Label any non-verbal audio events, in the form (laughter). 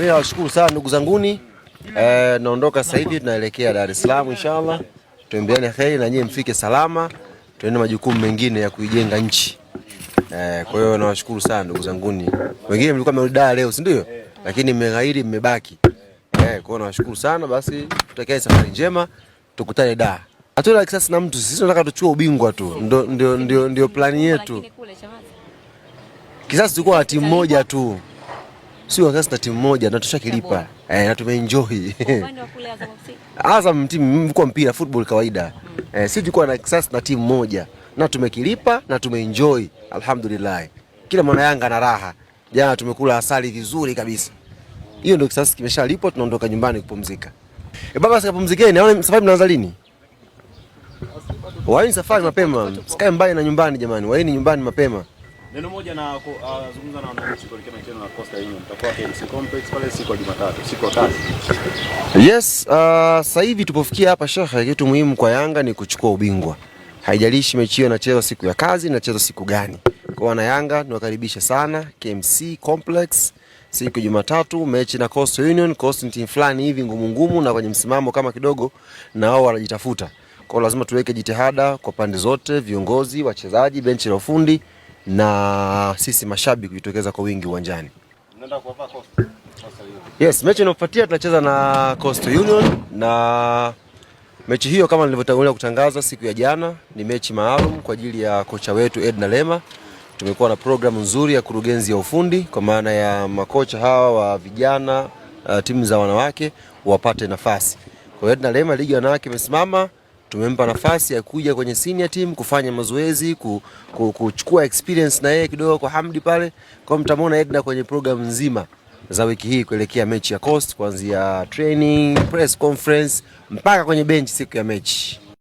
Mimi nawashukuru sana ndugu zanguni. Eh, naondoka sasa hivi tunaelekea Dar es Salaam inshallah. Tuombeane heri na nyie mfike salama, tuende majukumu mengine ya kuijenga nchi. Eh, kwa hiyo nawashukuru sana ndugu zanguni. Wengine mlikuwa mmerudi Dar leo, si ndio? Lakini mmeghairi mmebaki. Eh, kwa hiyo nawashukuru sana basi, tutakia safari njema, tukutane Dar. Hatuna kisasi na mtu, sisi tunataka tuchukue ubingwa tu. Ndio ndio ndio ndio plani yetu. Kisasi tulikuwa na timu moja tu sio wakati na timu moja na tushakilipa eh, na tumeenjoy Azam (laughs) timu mko mpira football kawaida mm. eh, si tulikuwa na kisasi na timu moja na tumekilipa na tumeenjoy alhamdulillah. Kila mwana Yanga na raha, jana tumekula asali vizuri kabisa. Hiyo ndio kisasi kimeshalipwa, tunaondoka nyumbani kupumzika. E baba, sasa pumzikeni, naona safari mnaanza lini? Waini safari mapema, msikae mbali na nyumbani jamani, waini nyumbani mapema. Neno moja na kuzungumza ah, na wananchi kuelekea mchezo na Costa Union. Mtakuwa KMC Complex pale siku ya Jumatatu, siku ya kazi. Yes, uh, sasa hivi tupofikia hapa shekhe, kitu muhimu kwa Yanga ni kuchukua ubingwa. Haijalishi mechi hiyo inachezwa siku ya kazi, inachezwa siku gani. Kwa wana Yanga niwakaribisha sana KMC Complex siku ya Jumatatu, mechi na Coastal Union. Coastal ni timu fulani hivi ngumu ngumu na kwenye msimamo kama kidogo na wao wanajitafuta. Kwa lazima tuweke jitihada kwa pande zote, viongozi, wachezaji, benchi la ufundi na sisi mashabiki kujitokeza kwa wingi uwanjani. Yes, mechi inayofuatia tunacheza na Coastal Union na mechi hiyo kama nilivyotangulia kutangaza siku ya jana ni mechi maalum kwa ajili ya kocha wetu Edna Lema. Tumekuwa na programu nzuri ya kurugenzi ya ufundi kwa maana ya makocha hawa wa vijana, uh, timu za wanawake wapate nafasi. Kwa hiyo Edna Lema ligi ya wanawake imesimama tumempa nafasi ya kuja kwenye senior team kufanya mazoezi, kuchukua experience na yeye kidogo kwa Hamdi pale. Kwa mtamwona Edna kwenye program nzima za wiki hii kuelekea mechi ya Coast, kuanzia training, press conference mpaka kwenye bench siku ya mechi.